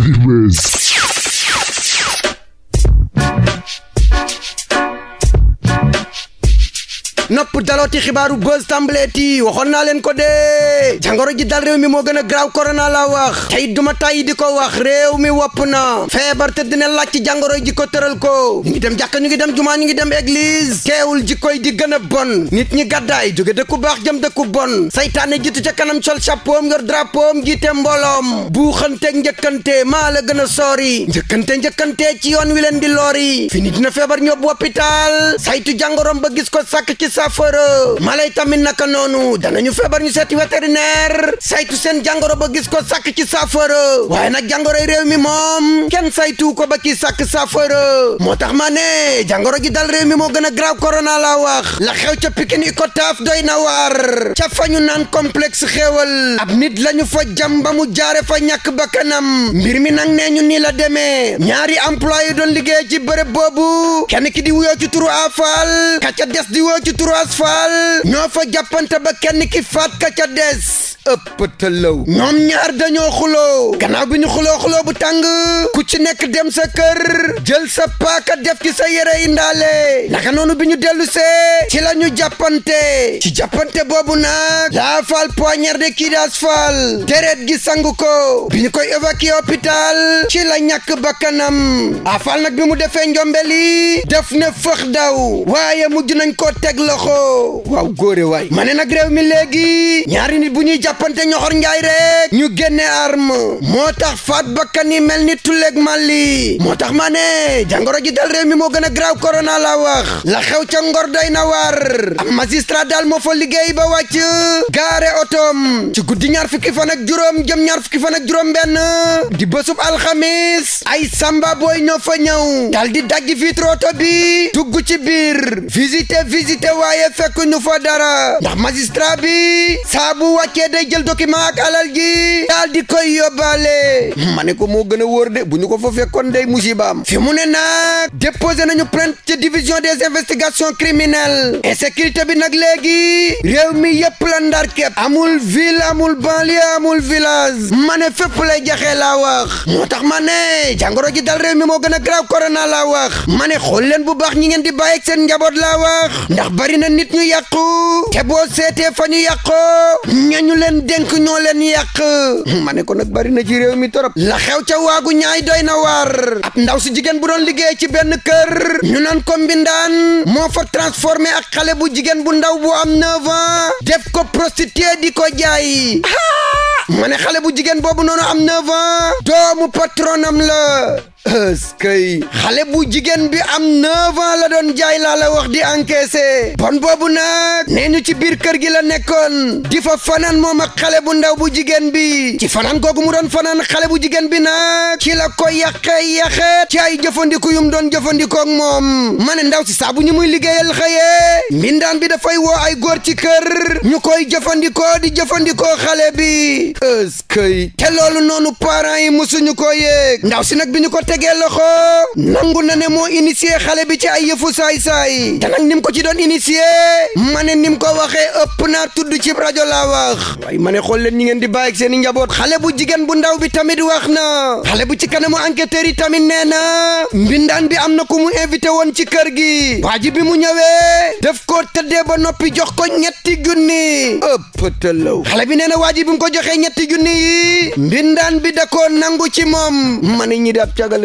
Heavyweights. nopp dalooti xibaaru buzz tàmbaleeti waxoon naa leen ko dee jàngoro ji dal réew mi moo gën a graaw korona la wax tey duma tàyyi di ko wax réew mi wopp na feebar te dina laaj ci jàngoro ji ko tëral ko ñu ngi dem jàkka ñu ngi dem jumaa ñu ngi dem église teewul ji koy di gën a bon nit ñi gàddaay jóge dëkku baax jëm dëkku bon saytaane jiitu ca kanam sol chapeau am yor drapeau am jiite mbooloom buuxanteeg njëkkante maa la gën a soori njëkkante njëkkante ci yoon wi leen di loori fi nit dina feebar ñëw hôpital saytu ba gis ko sàkk saafara mala yi tamit naka noonu ñu feebar ñu seeti vétérinaire saytu seen jàngoro ba gis ko sakk ci saafara waaye nag jàngoro yi réew mi moom kenn saytu ko ba ci sakk saafara moo tax ma ne jàngoro gi dal réew mi moo gën a grave korona la wax la xew ca Pikine Icotaf doy na waar ca fa ñu naan complexe xéewal ab nit lañu fa jam ba mu jaare fa ñàkk bakkanam mbir mi nag nee ñu nii la demee ñaari employé doon liggéey ci bërëb boobu kenn ki di wuyoo ci turu di wuyoo ci trois fall ñoo fa jàppante ba kenn ki faat ka ca des ëpp tëlaw ñoom ñaar dañoo xuloo gannaaw bi ñu xuloo xuloo bu tàng ku ci nekk dem sa kër jël sa paaka def ci sa yére indaale naka noonu bi ñu dellu see ci la ñu jàppante ci jàppante boobu nag laa fal poignardé kii daas fal deret gi sangu ko bi ñu koy évacué hôpital ci la ñàkk bakkanam afal nag bi mu defee njombeli def ne fëx daw waaye mujj nañ ko teg loxo waaw góore waay ma ne nag réew mi léegi ñaari nit bu ñuy jàpp jàppante ñoxor njaay rek ñu génne arme moo tax faat bakkan mel ni tulleeg màlli moo tax ma ne jàngoro ji dal réew mi moo gën a graaw korona la wax la xew ca ngor na war am magistrat daal moo fa liggéey ba wàcc gaare otoom ci guddi ñaar fukki fan ak juróom jëm ñaar fukki fan ak juróom benn di bësub alxamis ay samba booy ñoo fa ñëw dal di daj vitre oto bi dugg ci biir visite visite waaye fekk ñu fa dara ndax magistrat bi saa bu wàccee de day jël document ak ji daal di koy yóbbaale ma ne ko moo gën a wóor de bu ñu ko fa fekkoon day musibaam fi mu ne nag déposé nañu plainte ci division des investigations criminelles insécurité bi nag léegi réew mi yëpp la ndar képp amul ville amul banlieue amul village ma ne fépp lay jaxe la wax moo tax ma ne jàngoro ji dal réew mi moo gën a grave corona laa wax ma ne xool leen bu baax ñi ngeen di bàyyi ak njaboot la wax ndax bari na nit ñu yàqu te boo seetee fa leen dénk ñoo leen yàq ma ne ko nag bari na ci réew mi torop la xew ca waagu ñaay doy na waar ab ndaw si jigéen bu doon liggéey ci benn kër ñu naan ko mbindaan moo fa transformé ak xale bu jigéen bu ndaw bu am 9 ans def ko prostituée di ko jaay ah! ma ne xale bu jigéen boobu noonu am 9 ans doomu patronam la xale bu jigéen bi am 9 ans la doon jaay laa la wax di encaissé bon boobu nag nee ñu ci biir kër gi la nekkoon di fa fanaan moom ak xale bu ndaw bu jigéen bi ci fanaan googu mu doon fanaan xale bu jigéen bi nag ci la ko yàqe yàqe ci ay jëfandiku yum doon jëfandikoo moom ma ne ndaw si saabu ñu muy liggéeyal xëyee mbindaan bi dafay woo ay góor ci kër ñu koy jëfandikoo di jëfandikoo xale bi te loolu noonu parents yi musuñu ko yéeg ndaw si nag bi ñu ko tegee loxo nangu na ne moo initié xale bi ci ay yëfu saay-saay te nim ko ci doon initié ma ne ni mu ko waxee ëpp naa tudd ci rajo la wax waaye ma ne xool leen ñi ngeen di bàyyi ak seen njaboot xale bu jigéen bu ndaw bi tamit wax na xale bu ci kanamu enquêteurs yi tamit nee na mbindaan bi am na ku mu invité woon ci kër gi waa bi mu ñawee def ko tëddee ba noppi jox ko ñetti junni ëpp tëlaw xale bi nee na waa ko joxee ñetti junni yi mbindaan bi da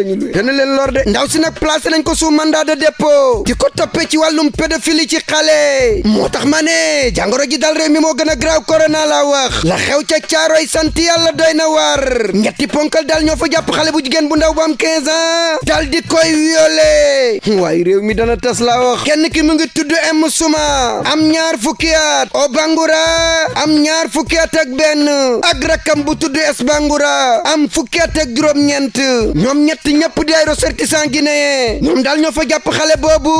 la ñu luwee dana leen lor ndaw si nag placé nañ ko sous mandat de dépôt di ko toppee ci wàllum pédophilie ci xale moo tax ma ne jàngoro ji dal réew mi moo gën a graaw corona laa wax la xew ca caaroy sant yàlla doy na war ñetti ponkal daal ñoo fa jàpp xale bu jigéen bu ndaw bu am 15 ans dal di koy violé waaye réew mi dana tas la wax kenn ki mu ngi tudd M Suma am ñaar fukki at o Bangura am ñaar fukki at ak benn ak rakkam bu tudd S Bangura am fukki at ak juróom-ñeent ñoom si ñëpp di ay ressortissant guinéen ñoom daal ñoo fa jàpp xale boobu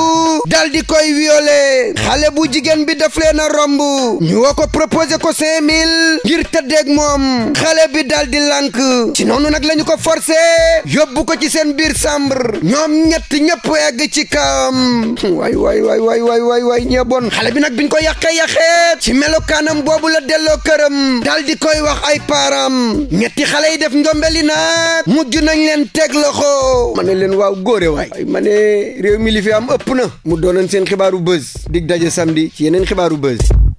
dal di koy violé xale bu jigéen bi daf leen a romb ñu woo ko proposé ko cinq mille ngir tëddeeg moom xale bi dal di lànk ci noonu nag la ñu ko forcé yóbbu ko ci seen biir chambre ñoom ñetti ñëpp egg ci kawam waay waay waay waay waay waay waay ñee xale bi nag biñ ko yàqee yàqee ci melokaanam boobu la delloo këram dal di koy wax ay paaram ñetti xale yi def njombeli nag mujj nañ leen teg oxo ma ne leen waaw góore waay ay ma ne réew mi li fi am ëpp na mu doonoon seen xibaaru buzz dig daje samedi ci yeneen xibaaru buzz